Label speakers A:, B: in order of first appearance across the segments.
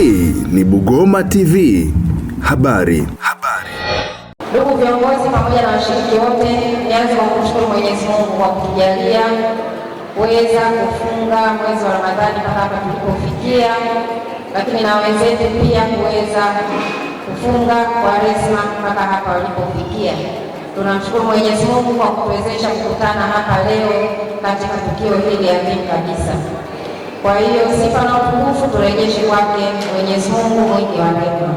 A: Hii ni Bugoma TV. Habari. Habari.
B: Ndugu viongozi pamoja na washiriki wote, nianze kwa kumshukuru Mwenyezi Mungu kwa kutujalia kuweza kufunga mwezi wa Ramadhani mpaka hapa tulipofikia, lakini na wenzetu pia kuweza kufunga kwa resma mpaka hapa walipofikia. Tunamshukuru Mwenyezi Mungu kwa kutuwezesha kukutana hapa leo katika tukio hili adhimu kabisa. Kwa hiyo sifa na utukufu turejeshe kwake Mwenyezi Mungu mwingi wa rehema.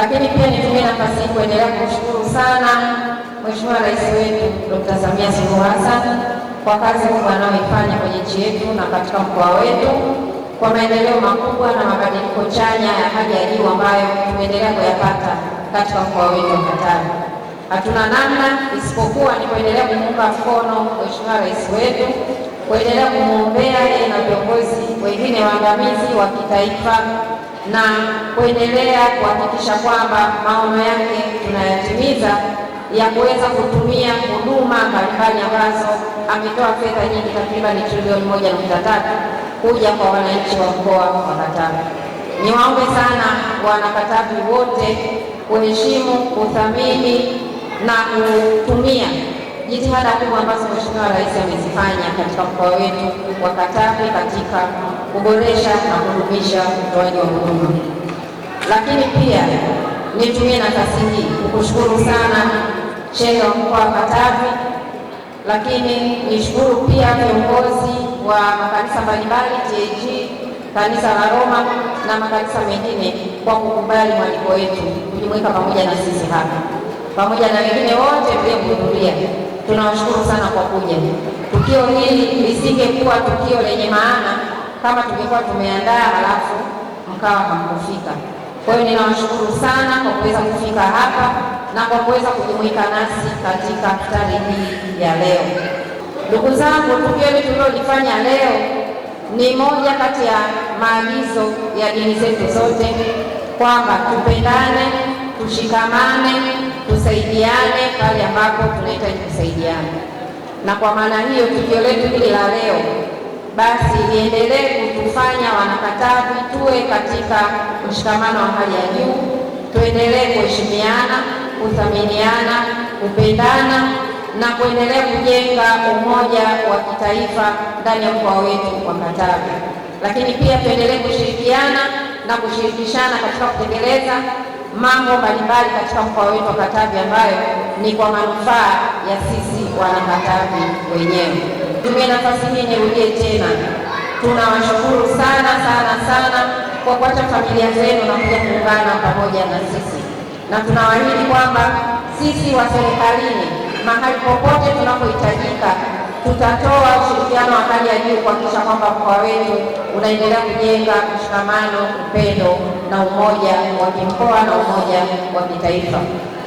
B: Lakini pia nitumie nafasi hii kuendelea kumshukuru sana Mheshimiwa Rais wetu Dr. Samia Suluhu Hassan kwa kazi kubwa anayoifanya kwenye nchi yetu na katika mkoa wetu kwa maendeleo makubwa na mabadiliko chanya ya hali ya juu ambayo tumeendelea kuyapata katika mkoa wetu wa Katavi. Hatuna namna isipokuwa ni kuendelea kumuunga mkono Mheshimiwa Rais wetu kuendelea kumwombea yeye na viongozi wengine waandamizi wa kitaifa na kuendelea kuhakikisha kwamba maono yake tunayatimiza ya kuweza kutumia huduma mbalimbali ambazo ametoa fedha nyingi takribani trilioni moja nukta tatu kuja kwa wananchi wa mkoa wa Katavi. Niwaombe sana Wanakatavi wote kuheshimu, kuthamini na kutumia jitihada kubwa ambazo Mheshimiwa Rais amezifanya katika mkoa wetu wa Katavi katika kuboresha na kudumisha utoaji wa huduma. Lakini pia nitumie nafasi hii kukushukuru sana Sheikh wa mkoa wa Katavi, lakini nishukuru pia viongozi wa makanisa mbalimbali TAG, kanisa la Roma na makanisa mengine kwa kukubali mwaliko wetu kujumuika pamoja na sisi hapa pamoja na wengine wote kuhudhuria. Tunawashukuru sana kwa kuja. Tukio hili lisingekuwa tukio lenye maana kama tungekuwa tumeandaa halafu mkawa hamkufika. Kwa hiyo ninawashukuru sana kwa kuweza kufika hapa na kwa kuweza kujumuika nasi katika iftari hii ya leo. Ndugu zangu, tukio hili tulilolifanya leo ni moja kati ya maagizo ya dini zetu zote kwamba tupendane, tushikamane tusaidiane pale ambapo tunahitaji kusaidiana, na kwa maana hiyo tukio letu hili la leo basi liendelee kutufanya Wanakatavi tuwe katika mshikamano wa hali ya juu, tuendelee kuheshimiana, kuthaminiana, kupendana na kuendelea kujenga umoja wa kitaifa ndani ya mkoa wetu wa Katavi, lakini pia tuendelee kushirikiana na kushirikishana katika kutekeleza mambo mbalimbali katika mkoa wetu wa Katavi ambayo ni kwa manufaa ya sisi wanakatavi wenyewe. Tumie nafasi hii, nirudie tena, tunawashukuru sana sana sana kwa kuacha familia zenu na kuja kuungana pamoja na sisi, na tunawaahidi kwamba sisi wa serikalini mahali popote tunapohitajika tutatoa mawasiliano wa hali ya juu kuhakikisha kwamba mkoa wetu unaendelea kujenga mshikamano, upendo na umoja wa kimkoa na umoja wa kitaifa.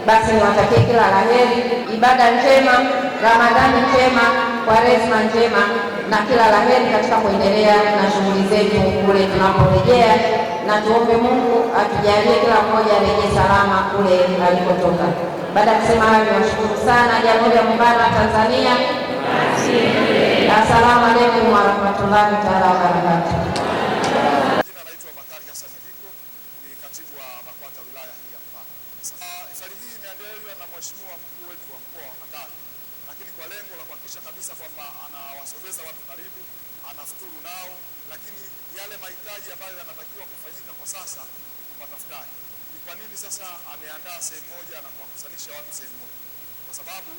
B: Basi niwatakie kila la heri, ibada njema, Ramadhani njema, Kwaresma njema na kila la heri katika kuendelea na shughuli zetu kule tunaporejea, na tuombe Mungu atujalie kila mmoja arejee salama kule alikotoka. Baada ya kusema hayo, niwashukuru sana Jamhuri ya Muungano wa Tanzania. Assalamu alaykum warahmatullahi taala wabarakatu. Jina naitwa Bakari Hassan Ndiko, ni katibu wa BAKWATA wilaya hii ya Mpanda. Iftari hii imeandaliwa na mheshimiwa mkuu wetu wa mkoa wa Katavi, lakini kwa lengo la kuhakikisha kabisa kwamba anawasogeza watu karibu, anafuturu nao, lakini yale mahitaji ambayo yanatakiwa kufanyika kwa sasa ni kupata futari. Ni kwa nini sasa ameandaa sehemu moja na kuwakusanisha watu sehemu moja? Kwa sababu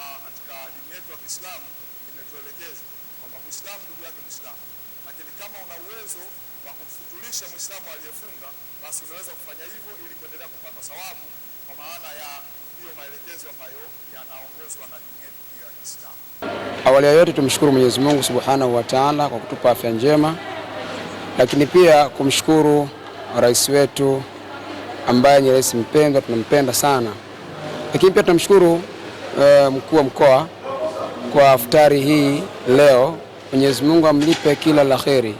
B: ah, katika dini yetu ya Kiislamu imetuelekeza kwamba Muislamu ndugu yake Muislamu, lakini kama una uwezo wa kumfutulisha Muislamu aliyefunga basi unaweza kufanya hivyo ili kuendelea kupata sawabu, kwa maana ya hiyo maelekezo ambayo yanaongozwa na dini yetu ya Kiislamu.
C: Awali ya yote tumshukuru Mwenyezi Mungu Subhanahu wa Ta'ala kwa kutupa afya njema, lakini pia kumshukuru rais wetu ambaye ni rais mpendwa, tunampenda sana, lakini pia tunamshukuru uh, mkuu wa mkoa kwa iftari hii leo. Mwenyezi Mungu amlipe kila la kheri.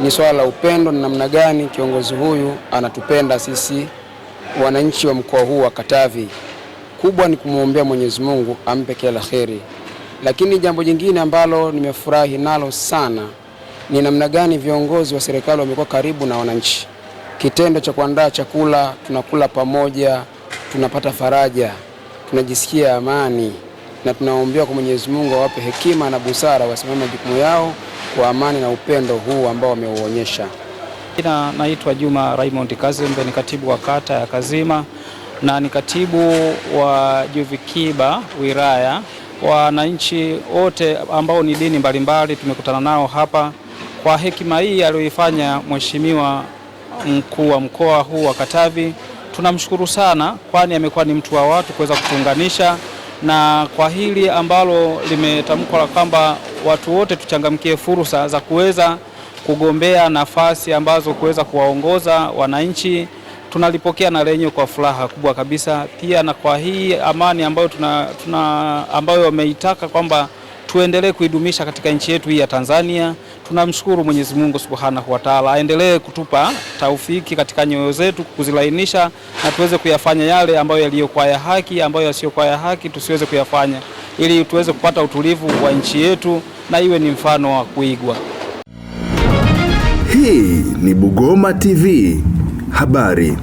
C: Ni swala la upendo, ni namna gani kiongozi huyu anatupenda sisi wananchi wa mkoa huu wa Katavi. Kubwa ni kumwombea Mwenyezi Mungu ampe kila la kheri, lakini jambo jingine ambalo nimefurahi nalo sana ni namna gani viongozi wa serikali wamekuwa karibu na wananchi. Kitendo cha kuandaa chakula, tunakula pamoja, tunapata faraja, tunajisikia amani na tunaombewa kwa Mwenyezi Mungu awape hekima na busara, wasimame majukumu yao kwa amani na upendo huu ambao
D: wameuonyesha. Jina naitwa Juma Raymond Kazembe, ni katibu wa kata ya Kazima na ni katibu wa Juvikiba wilaya. Wananchi wote ambao ni dini mbalimbali tumekutana nao hapa kwa hekima hii aliyoifanya Mheshimiwa mkuu wa mkoa huu wa Katavi, tunamshukuru sana, kwani amekuwa ni mtu wa watu kuweza kutuunganisha na kwa hili ambalo limetamkwa la kwamba watu wote tuchangamkie fursa za kuweza kugombea nafasi ambazo kuweza kuwaongoza wananchi, tunalipokea na lenye kwa furaha kubwa kabisa. Pia na kwa hii amani ambayo tuna, tuna ambayo wameitaka kwamba tuendelee kuidumisha katika nchi yetu hii ya Tanzania. Tunamshukuru Mwenyezi Mungu Subhanahu wa Ta'ala, aendelee kutupa taufiki katika nyoyo zetu, kuzilainisha na tuweze kuyafanya yale ambayo yaliyokuwa ya haki, ambayo yasiyokuwa ya haki tusiweze kuyafanya, ili tuweze kupata utulivu wa nchi yetu na iwe ni mfano wa kuigwa.
A: Hii ni Bugoma TV habari.